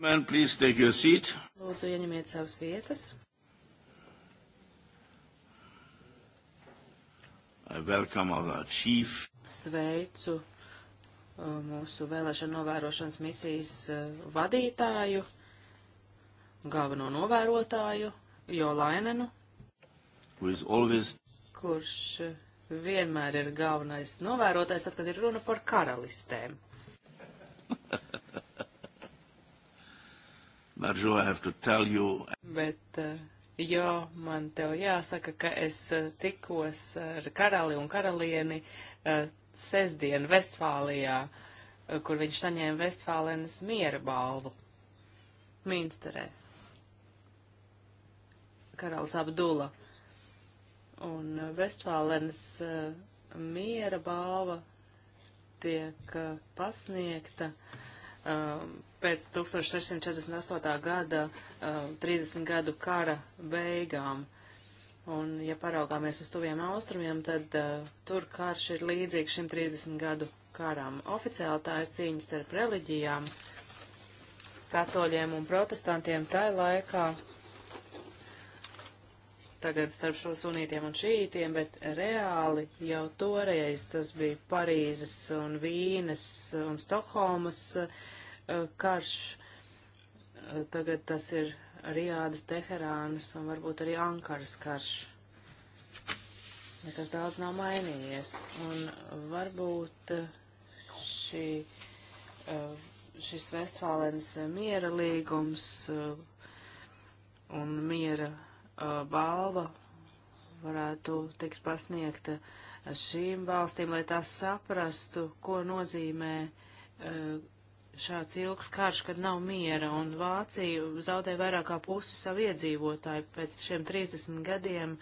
Man, please take your seat. Lūdzu, ieņemiet savas vietas. I welcome our chief. Sveicu uh, mūsu vēlēšana novērošanas misijas uh, vadītāju, galveno novērotāju, Jolainenu, always... kurš uh, vienmēr ir galvenais novērotājs, tad, kad ir runa par karalistēm. Maržo, I have to tell you. Bet, eh, jo man tev jāsaka, ka es eh, tikos eh, ar karali un karalieni sestdien Vestfālijā, kur viņš saņēma Vestfālenes miera balvu. Mīnsterē. Karalis Abdula. Un Vestfālenes miera balva tiek pasniegta uh, Um, pēc 1648. gada 30 um, gadu kara beigām. Un, ja paraugāmies uz tuviem austrumiem, tad uh, tur karš ir līdzīgs šim 30 gadu karam. Oficiāli tā ir cīņa starp reliģijām, katoļiem un protestantiem tai laikā, tagad starp šo sunītiem un šītiem, bet reāli jau toreiz tas bija Parīzes un Vīnes un Stokholmas eh, karš. Eh, tagad tas ir Riādas, Teherānas un varbūt arī Ankaras karš. Nekas daudz nav mainījies. Un varbūt eh, šī, šis Vestfālens miera līgums un miera Uh, balva varētu tikt pasniegta šīm valstīm, lai tās saprastu, ko nozīmē uh, šāds ilgs karš, kad nav miera, un Vācija zaudē vairāk kā pusi savu iedzīvotāju. Pēc šiem 30 gadiem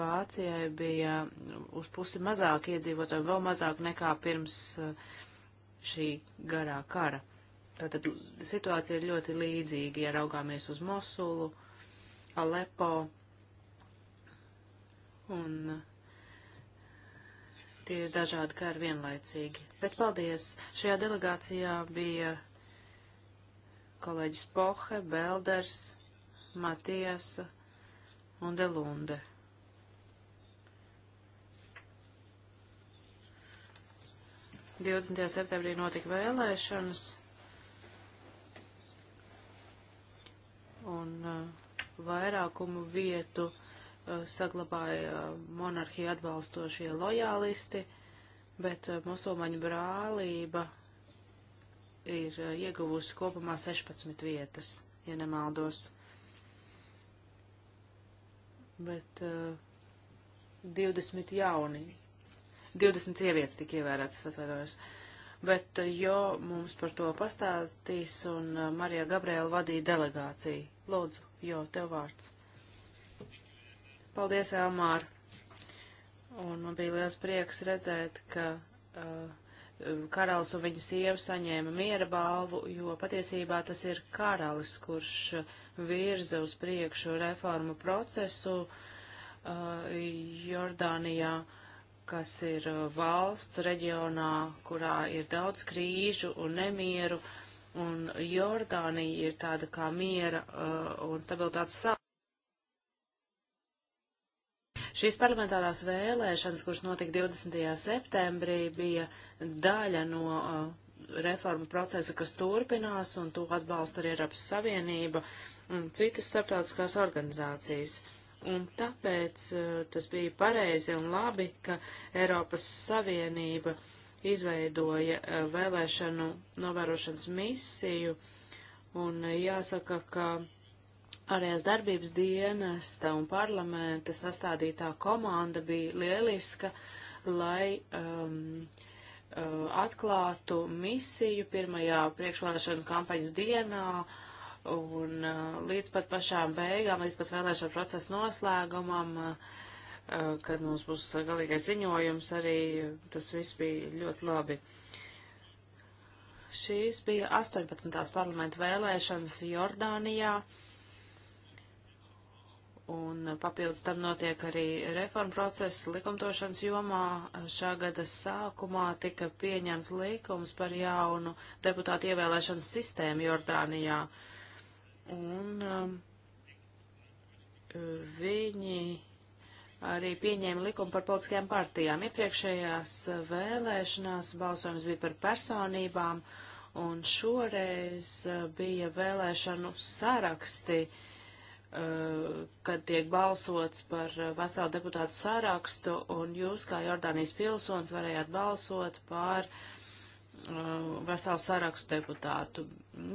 Vācijai bija uz pusi mazāk iedzīvotāju, vēl mazāk nekā pirms uh, šī garā kara. Tātad situācija ir ļoti līdzīga, ja raugāmies uz Mosulu. Uh, Alepo un tie ir dažādi kā ar vienlaicīgi. Bet paldies! Šajā delegācijā bija kolēģis Pohe, Belders, Matiesa un Delunde. Divdesmitajā septembrī notika vēlēšanas, un uh, vairākumu vietu uh, saglabāja uh, monarhiju atbalstošie lojālisti, bet uh, musulmaņu brālība ir ieguvusi kopumā 16 vietas, ja nemaldos. Bet uh, 20 jauni, 20 sievietes tika ievērētas, atvainojos. Uh, bet eh, jo mums par to pastāstīs un eh, Marija Gabriela vadīja delegāciju. Lūdzu, jo tev vārds. Paldies, Elmāra! Un man bija liels prieks redzēt, ka uh, karalis un viņa sieva saņēma miera balvu, jo patiesībā tas ir karalis, kurš virza uz priekšu reformu procesu uh, Jordānijā. Uh, kas ir uh, valsts reģionā, kurā ir daudz krīžu un nemieru, un Jordānija ir tāda kā miera uh, un stabilitātes sāla. Šīs parlamentārās vēlēšanas, kuras notika 20. septembrī, bija daļa no uh, reformu procesa, kas turpinās, un to atbalsta arī Eiropas Savienība un citas starptautiskās organizācijas. Uh, Un tāpēc eh, tas bija pareizi un labi, ka Eiropas Savienība izveidoja eh, vēlēšanu novērošanas misiju. Un eh, jāsaka, ka Ārējās darbības dienesta un parlamenta sastādītā komanda bija lieliska, lai um, atklātu misiju pirmajā priekšvēlēšana kampaņas dienā Un uh, līdz pat pašām beigām, līdz pat vēlēšanu procesa noslēgumam, uh, kad mums būs galīgais ziņojums, arī tas viss bija ļoti labi. Šīs bija 18. parlamentu vēlēšanas Jordānijā. Un papildus tam notiek arī reforma process likumdošanas jomā. Šā gada sākumā tika pieņemts likums par jaunu deputātu ievēlēšanas sistēmu Jordānijā. Uh, Un um, viņi arī pieņēma likumu par politiskajām partijām. Iepriekšējās vēlēšanās balsojums bija par personībām, un šoreiz uh, bija vēlēšanu saraksti, uh, kad tiek balsots par uh, veselu deputātu sarakstu, un jūs, kā Jordānijas pilsonis, varējāt balsot par uh, Uh, veselu sarakstu deputātu.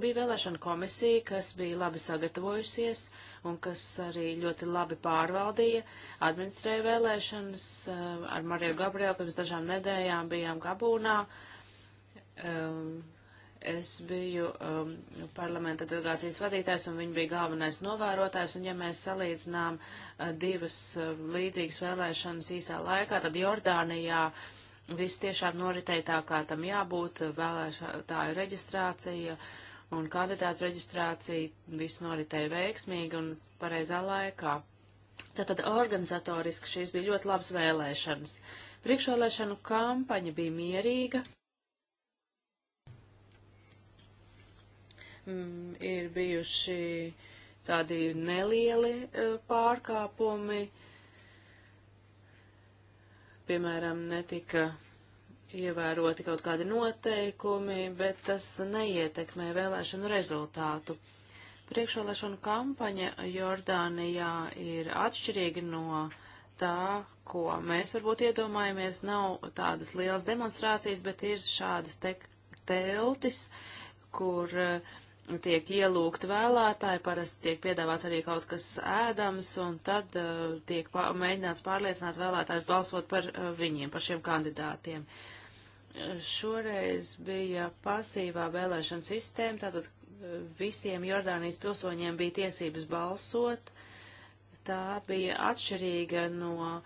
Bija vēlēšana komisija, kas bija labi sagatavojusies un kas arī ļoti labi pārvaldīja, administrēja vēlēšanas. Uh, ar Mariju Gabrielu pirms dažām nedēļām bijām Gabūnā. Um, es biju um, parlamenta delegācijas vadītājs un viņa bija galvenais novērotājs. Un ja mēs salīdzinām uh, divas līdzīgas vēlēšanas īsā laikā, tad Jordānijā. Ja viss tiešām noritēja tā, kā tam jābūt, vēlētāju reģistrācija un kandidātu reģistrācija, viss noritēja veiksmīgi un pareizā laikā. Tātad organizatoriski šīs bija ļoti labas vēlēšanas. Priekšvēlēšanu kampaņa bija mierīga. Mm, ir bijuši tādi nelieli uh, pārkāpumi. Uh, piemēram, netika ievēroti kaut kādi noteikumi, bet tas neietekmē vēlēšanu rezultātu. Priekšvēlēšanu kampaņa Jordānijā ir atšķirīga no tā, ko mēs varbūt iedomājamies. Nav tādas lielas demonstrācijas, bet ir šādas te teltis, kur uh, tiek ielūgt vēlētāji, parasti tiek piedāvāts arī kaut kas ēdams, un tad uh, tiek pā, mēģināts pārliecināt vēlētājus balsot par uh, viņiem, par šiem kandidātiem. Uh, šoreiz bija pasīvā vēlēšana sistēma, tātad uh, visiem Jordānijas pilsoņiem bija tiesības balsot. Tā bija atšķirīga no uh,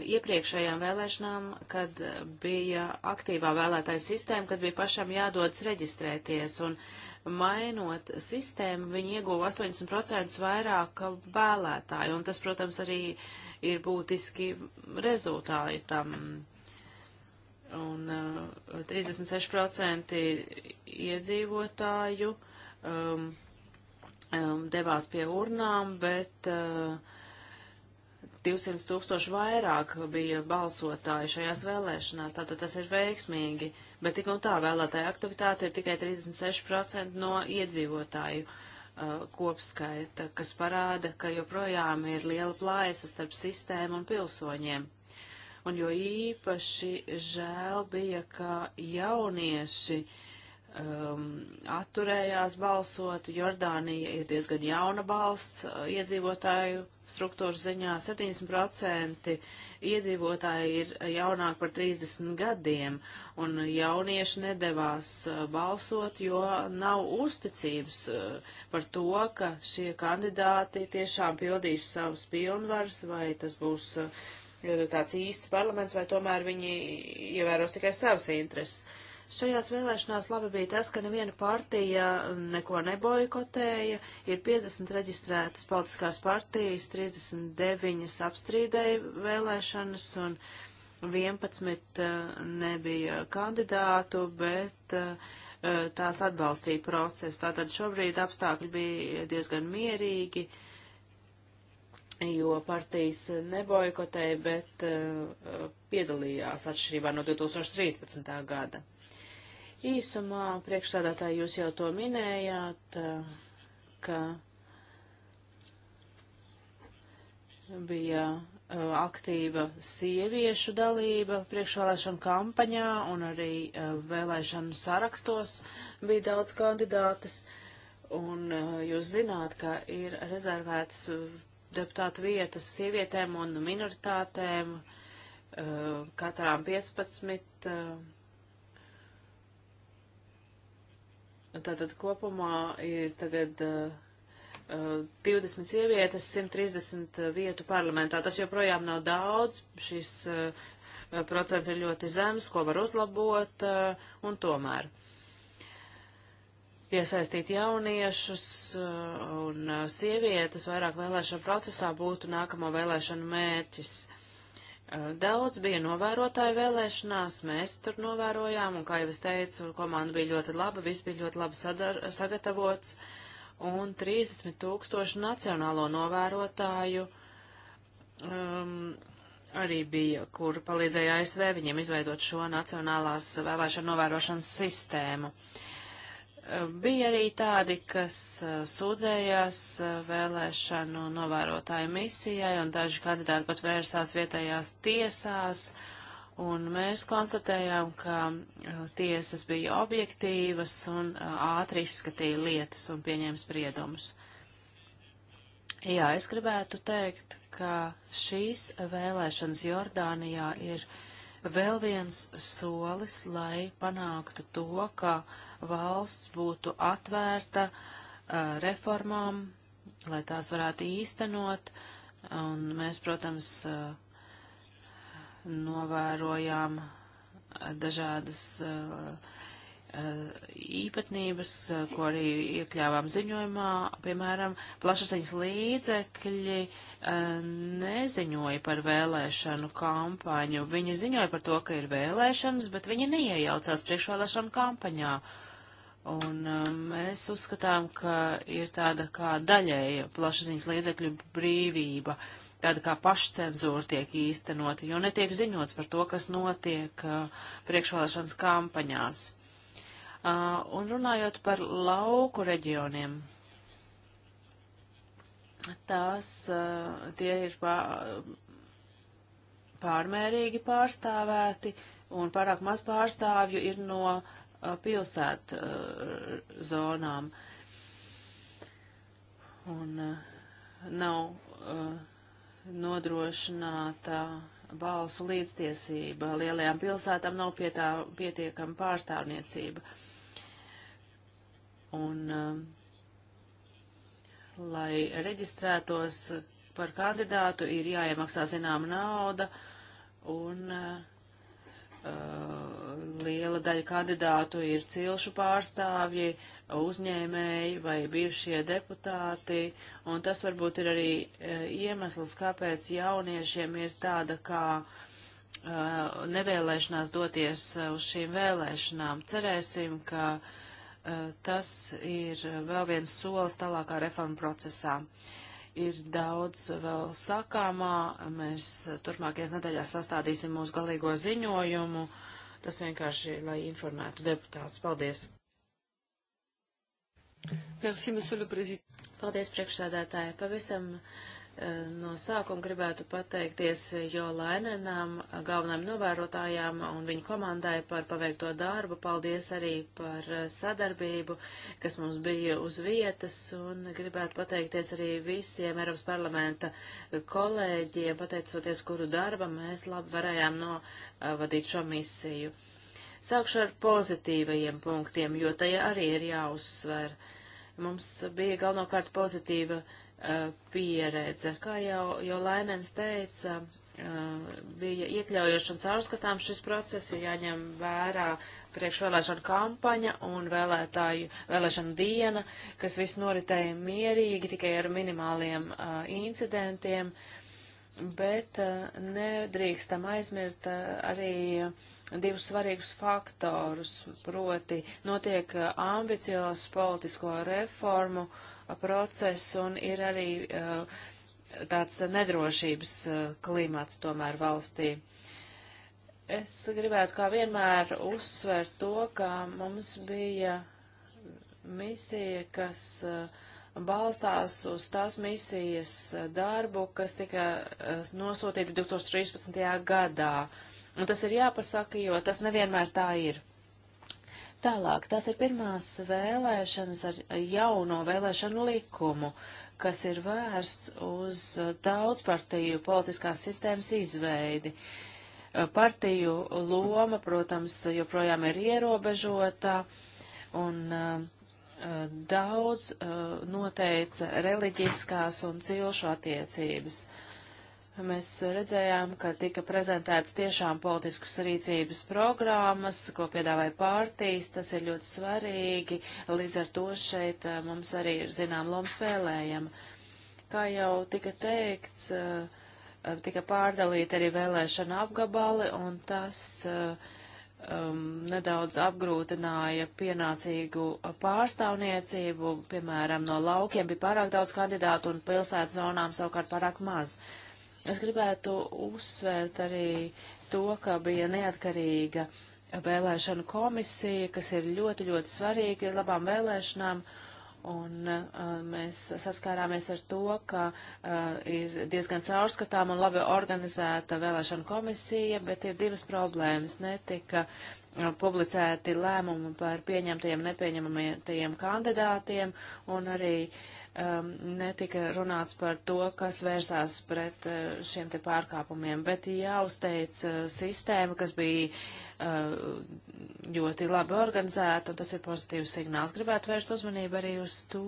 iepriekšējām vēlēšanām, kad bija aktīvā vēlētāju sistēma, kad bija pašam jādodas reģistrēties. Un, uh, mainot sistēmu, viņi ieguva 80% vairāk vēlētāju, un tas, protams, arī ir būtiski rezultāti tam. Un uh, 36% iedzīvotāju um, um, devās pie urnām, bet uh, 200 tūkstoši vairāk bija balsotāji šajās vēlēšanās, tātad tas ir veiksmīgi. Uh, bet tik un tā vēlētāja aktivitāte ir tikai 36% no iedzīvotāju uh, kopskaita, kas parāda, ka joprojām ir liela plājasa starp sistēmu un pilsoņiem. Un jo īpaši žēl bija, ka jaunieši uh, um, atturējās balsot. Jordānija ir diezgan jauna valsts uh, iedzīvotāju struktūru ziņā. 70% iedzīvotāji ir jaunāki par 30 gadiem, un jaunieši nedavās uh, balsot, jo nav uzticības uh, par to, ka šie kandidāti tiešām pildīs savus pilnvarus, vai tas būs tāds īsts parlaments, vai tomēr viņi ievēros tikai savas intereses. Šajās vēlēšanās labi bija tas, ka neviena partija neko neboikotēja, ir 50 reģistrētas politiskās partijas, 39 apstrīdēja vēlēšanas un 11 eh, nebija kandidātu, bet eh, tās atbalstīja procesu. Tātad šobrīd apstākļi bija diezgan mierīgi jo partijas neboikotēja, bet uh, piedalījās atšķirībā no 2013. gada. Īsumā, priekšsādātāji, jūs jau to minējāt, eh, ka bija eh, aktīva sieviešu dalība priekšvēlēšanu kampaņā un arī eh, vēlēšanu sarakstos bija daudz kandidātas. Un jūs zināt, ka ir rezervētas deputātu vietas sievietēm un minoritātēm, katrām 15 Tātad kopumā ir tagad uh, eh, 20 eh, sievietes 130 eh, vietu parlamentā. Tas joprojām nav daudz, šis uh, procents ir ļoti zems, ko var uzlabot, uh, un tomēr iesaistīt jauniešus un sievietes vairāk vēlēšanu procesā būtu nākamo vēlēšanu mērķis. Uh, Eh, daudz bija novērotāju vēlēšanās, mēs tur novērojām, un, kā jau es teicu, komanda bija ļoti laba, viss bija ļoti labi sadar, sagatavots, un 30 tūkstoši nacionālo novērotāju um, arī bija, kur palīdzēja ASV viņiem izveidot šo nacionālās vēlēšanu novērošanas sistēmu. Uh, Bija arī tādi, kas uh, sūdzējās uh, vēlēšanu novērotāju misijai, un daži kandidāti pat vērsās vietējās tiesās, un mēs konstatējām, ka uh, tiesas bija objektīvas un ātri izskatīja lietas un pieņēma spriedumus. Jā, es gribētu teikt, ka šīs vēlēšanas Jordānijā ir vēl viens solis, lai panāktu to, ka uh, valsts būtu atvērta uh, reformām, lai tās varētu īstenot. Un mēs, protams, uh, novērojām dažādas uh, uh īpatnības, uh, ko arī iekļāvām ziņojumā, piemēram, plašsaziņas līdzekļi uh, neziņoja par vēlēšanu kampaņu. Viņi ziņoja par to, ka ir vēlēšanas, bet viņi neiejaucās priekšvēlēšanu kampaņā. Uh, Un um, mēs uzskatām, ka ir tāda kā daļēja plašsaziņas līdzekļu brīvība, tāda kā pašcenzūra tiek īstenota, jo netiek ziņots par to, kas notiek uh, priekšvēlēšanas kampaņās. Uh, un runājot par lauku reģioniem, tās, uh, tie ir pārmērīgi pārstāvēti un pārāk maz pārstāvju ir no Uh, pilsētu uh, zonām. Un uh, nav uh, nodrošināta balsu līdztiesība. Lielajām pilsētām nav pie tā pietiekama pārstāvniecība. Un, uh, lai reģistrētos par kandidātu, ir jāiemaksā zināma nauda, un uh, Eh, liela daļa kandidātu ir cilšu pārstāvji, uzņēmēji vai bijušie deputāti, un tas varbūt ir arī eh, iemesls, kāpēc jauniešiem ir tāda kā eh, nevēlēšanās doties uz šīm vēlēšanām. Cerēsim, ka tas ir vēl viens solis tālākā reforma procesā. Uh, ir daudz vēl sakāmā. Mēs turpmākajās nedēļās sastādīsim mūsu galīgo ziņojumu. Tas vienkārši, lai informētu deputātus. Paldies! Merci, Paldies, priekšsēdētāji. Pavisam Eh, no sākuma gribētu pateikties Jo Lainenam, galvenajam novērotājām un viņa komandai par paveikto darbu. Paldies arī par eh, sadarbību, kas mums bija uz vietas, un gribētu pateikties arī visiem Eiropas parlamenta eh, kolēģiem, pateicoties kuru darbam mēs labi varējām novadīt šo misiju. Sākšu ar pozitīvajiem punktiem, jo tajā arī ir jāuzsver. Mums bija galvenokārt pozitīva uh, pieredze. Kā jau, jau Lainens teica, bija iekļaujoši un caurskatām šis process, ir jāņem vērā priekšvēlēšana kampaņa un vēlētāju vēlēšana diena, kas viss noritēja mierīgi, tikai ar minimāliem uh, incidentiem, bet uh, nedrīkstam aizmirst uh, arī divus svarīgus faktorus, proti notiek ambiciozs politisko reformu uh, process un ir arī uh, tāds nedrošības uh, klimats tomēr valstī. Es gribētu kā vienmēr uzsvērt to, ka mums bija misija, kas uh, balstās uz tās misijas darbu, kas tika nosūtīta 2013. gadā. Un tas ir jāpasaka, jo tas nevienmēr tā ir. Tālāk, tās ir pirmās vēlēšanas ar jauno vēlēšanu likumu, kas ir vērsts uz daudzpartiju politiskās sistēmas izveidi. Partiju loma, protams, joprojām ir ierobežota, un uh, daudz uh, noteica reliģiskās un cilšu attiecības. Uh, Mēs redzējām, ka tika prezentētas tiešām politiskas rīcības programmas, ko piedāvāja pārtīs, tas ir ļoti svarīgi, līdz ar to šeit eh, mums arī ir zinām loma spēlējama. Kā jau tika teikts, eh, tika pārdalīti arī vēlēšana apgabali, un tas eh, um, nedaudz apgrūtināja pienācīgu pārstāvniecību, piemēram, no laukiem bija pārāk daudz kandidātu un pilsētas zonām savukārt pārāk maz. Uh, Es gribētu uzsvērt arī to, ka bija neatkarīga vēlēšana komisija, kas ir ļoti, ļoti svarīga labām vēlēšanām. Un uh, mēs saskārāmies ar to, ka uh, ir diezgan caurskatām un labi organizēta vēlēšana komisija, bet ir divas problēmas. Netika uh, publicēti lēmumi par pieņemtajiem, nepieņemamajiem kandidātiem, un arī uh, um, netika runāts par to, kas vērsās pret uh, šiem te pārkāpumiem, bet jāuzteic uh, sistēma, kas bija uh, ļoti labi organizēta, un tas ir pozitīvs signāls. Gribētu vērst uzmanību arī uz to,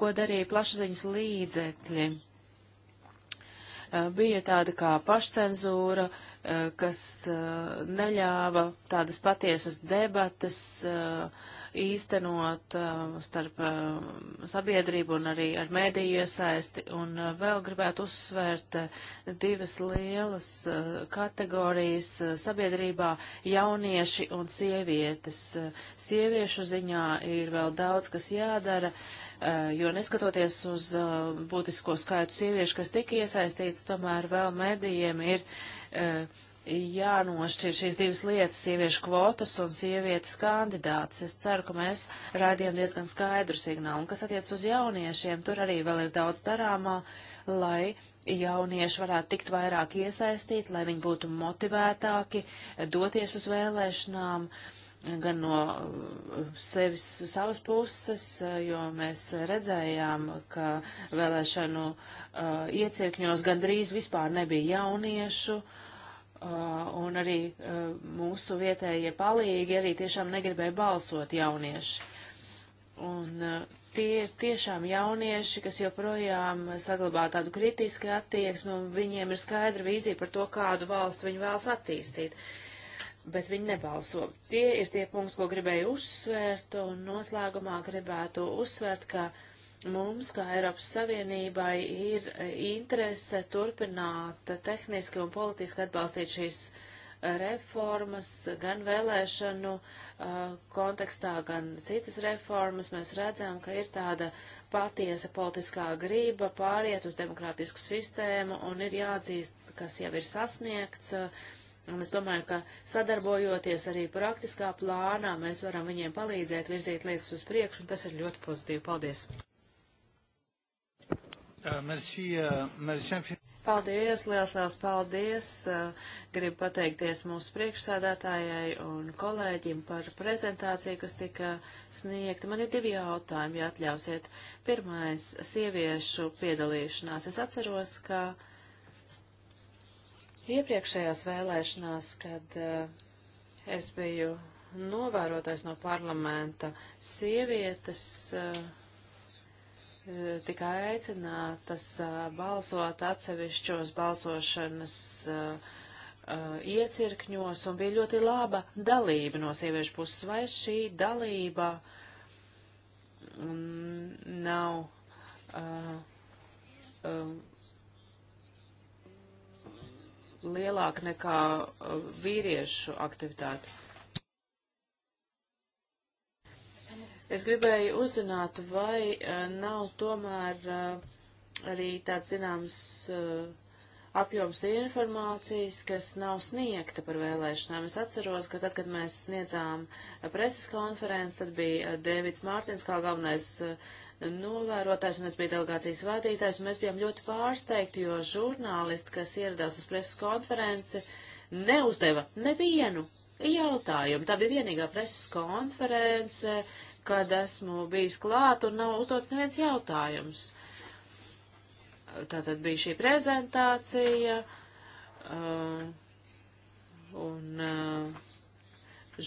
ko darīja plašsaziņas līdzekļi. Uh, bija tāda kā pašcenzūra, uh, kas uh, neļāva tādas patiesas debatas, uh, īstenot uh, starp uh, sabiedrību un arī ar mēdīju iesaisti. Un uh, vēl gribētu uzsvērt divas lielas kategorijas sabiedrībā - jaunieši un sievietes. Sieviešu ziņā ir vēl daudz, kas jādara jo neskatoties uz uh, būtisko skaitu sieviešu, kas tika iesaistīts, tomēr vēl medijiem ir uh, jānošķir šīs divas lietas - sieviešu kvotas un sievietes kandidātas. Es ceru, ka mēs rādījām diezgan skaidru signālu. Un kas attiec uz jauniešiem, tur arī vēl ir daudz darāmā, lai jaunieši varētu tikt vairāk iesaistīt, lai viņi būtu motivētāki doties uz vēlēšanām gan no uh, sevis savas puses, uh, jo mēs redzējām, ka vēlēšanu uh, iecirkņos gandrīz vispār nebija jauniešu uh, Uh, un arī uh, mūsu vietējie palīgi arī tiešām negribēja balsot jaunieši. Un uh, tie ir tiešām jaunieši, kas joprojām saglabā tādu kritisku attieksmi, un viņiem ir skaidra vīzija par to, kādu valstu viņi vēlas attīstīt. Bet viņi nebalso. Tie ir tie punkti, ko gribēju uzsvērt, un noslēgumā gribētu uzsvērt, ka uh, Mums, kā Eiropas Savienībai, ir e, interese turpināt tehniski un politiski atbalstīt šīs e, reformas, gan vēlēšanu uh, kontekstā, gan citas reformas. Mēs redzam, ka ir tāda patiesa politiskā grība pāriet uz demokrātisku sistēmu un ir jāatzīst, kas jau ir sasniegts. Un es domāju, ka sadarbojoties arī praktiskā plānā, mēs varam viņiem palīdzēt virzīt lietas uz priekšu, un tas ir ļoti pozitīvi. Paldies! Merci, euh, merci. Paldies, liels, liels paldies. Uh, Gribu pateikties mūsu priekšsādātājai un kolēģim par prezentāciju, kas tika sniegta. Man ir divi jautājumi, ja atļausiet. Pirmais - sieviešu piedalīšanās. Es atceros, ka iepriekšējās vēlēšanās, kad uh, es biju novērotājs no parlamenta, sievietes. Uh, tika aicinātas balsot atsevišķos balsošanas iecirkņos, un bija ļoti laba dalība no sieviešu puses. Vai šī dalība mm, nav uh, uh, lielāka nekā vīriešu aktivitāte? Es gribēju uzzināt, vai e, nav tomēr e, arī tāds zināms e, apjoms informācijas, kas nav sniegta par vēlēšanām. Es atceros, ka tad, kad mēs sniedzām preses konferenci, tad bija Dēvids Mārtins kā galvenais novērotājs, un es biju delegācijas vadītājs, un mēs bijām ļoti pārsteigti, jo žurnālisti, kas ieradās uz preses konferenci, neuzdeva nevienu jautājumu. Tā bija vienīgā preses konference, kad esmu bijis klāt un nav uzdots neviens jautājums. Tātad bija šī prezentācija, uh, un uh,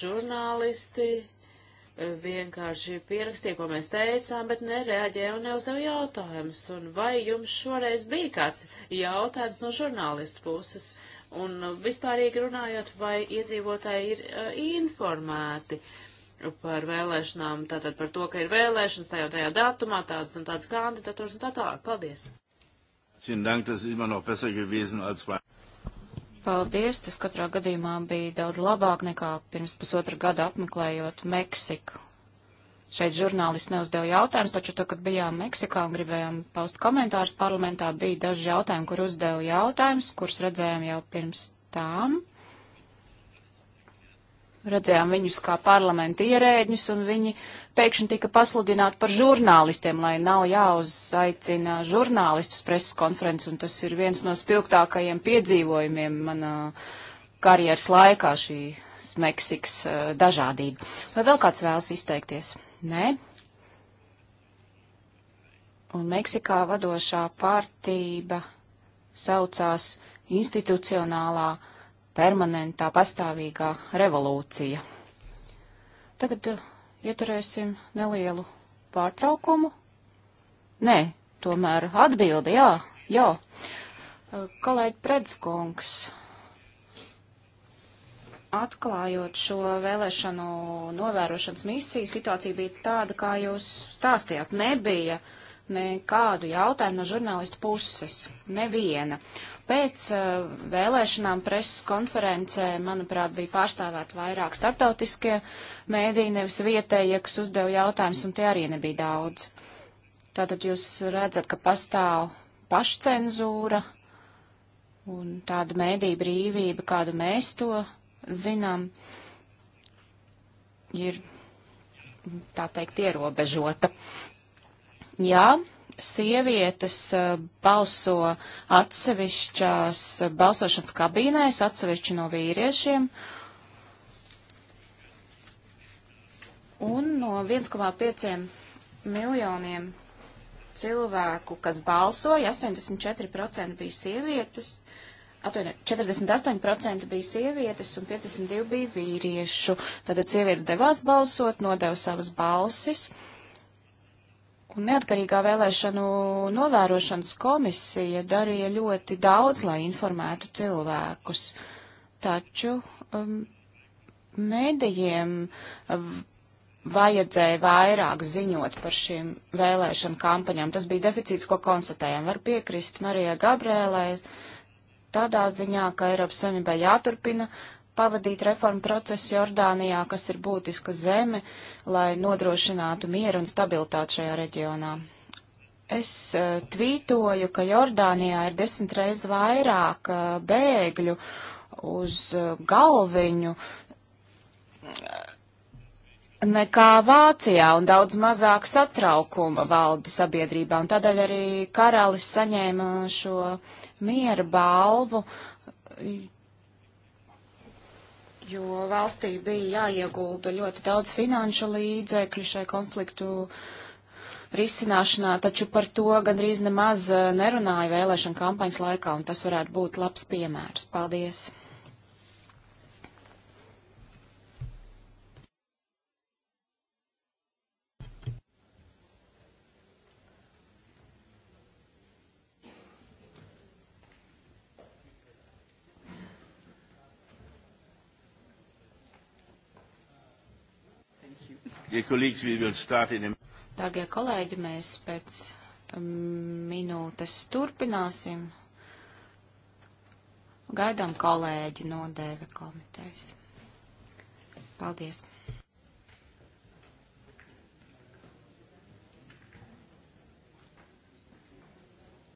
žurnālisti uh, vienkārši pierakstīja, ko mēs teicām, bet nereaģēja un neuzdeva jautājumus. Un vai jums šoreiz bija kāds jautājums no žurnālistu puses? Un vispārīgi runājot, vai iedzīvotāji ir uh, informēti? Uh, par vēlēšanām, tātad par to, ka ir vēlēšanas tajā tajā datumā, tāds un tāds kandidatūras un tā tālāk. Paldies! Paldies, tas katrā gadījumā bija daudz labāk nekā pirms pusotra gada apmeklējot Meksiku. Šeit žurnālisti neuzdeva jautājumus, taču tad, kad bijām Meksikā un gribējām paust komentārus parlamentā, bija daži jautājumi, kur uzdeva jautājumus, kurus redzējām jau pirms tām. Redzējām viņus kā parlamenta ierēģņus, un viņi pēkšņi tika pasludināti par žurnālistiem, lai nav jāuzaicina žurnālistus preses konferences, un tas ir viens no spilgtākajiem piedzīvojumiem manā karjeras laikā šī Meksikas eh, dažādība. Vai vēl kāds vēlas izteikties? Nē? Un Meksikā vadošā pārtība saucās institucionālā permanentā, pastāvīgā revolūcija. Tagad eh, ieturēsim nelielu pārtraukumu. Nē, tomēr atbildi, jā, jā. Eh, Kalēt Predskungs atklājot šo vēlēšanu novērošanas misiju, situācija bija tāda, kā jūs stāstījāt. Nebija nekādu jautājumu no žurnālistu puses. Neviena. Pēc uh, vēlēšanām preses konferencē, manuprāt, bija pārstāvēt vairāk starptautiskie mēdīji, nevis vietējie, kas uzdeva jautājumus, un tie arī nebija daudz. Tātad jūs redzat, ka pastāv pašcenzūra un tāda mēdī brīvība, kādu mēs to zinām, ir, tā teikt, ierobežota. Jā, sievietes eh, balso atsevišķās eh, balsošanas kabīnēs, atsevišķi no vīriešiem. Un no 1,5 miljoniem cilvēku, kas balsoja, 84% bija sievietes, 48% bija sievietes un 52% bija vīriešu. Tātad sievietes devās balsot, nodeva savas balsis. Uh, Un neatkarīgā vēlēšanu novērošanas komisija darīja ļoti daudz, lai informētu cilvēkus. Taču um, medijiem um, vajadzēja vairāk ziņot par šīm vēlēšanu kampaņām. Tas bija deficīts, ko konstatējām. Var piekrist Marijai Gabrielai tādā ziņā, ka Eiropas Savienībā jāturpina uh, pavadīt reformu procesu Jordānijā, kas ir būtiska zeme, lai nodrošinātu mieru un stabilitāti šajā reģionā. Es uh, tvītoju, ka Jordānijā ir desmit reizes vairāk uh, bēgļu uz uh, galviņu nekā Vācijā, un daudz mazāk satraukuma valda sabiedrībā, un tādēļ arī karalis saņēma šo miera balvu jo valstī bija jāiegulda ļoti daudz finanšu līdzekļu šai konfliktu risināšanā, taču par to gandrīz nemaz eh, nerunāja vēlēšana kampaņas laikā, un tas varētu būt labs piemērs. Paldies! Dārgie kolēģi, mēs pēc mm, minūtes turpināsim. Gaidām kolēģi no DV komitejas. Paldies!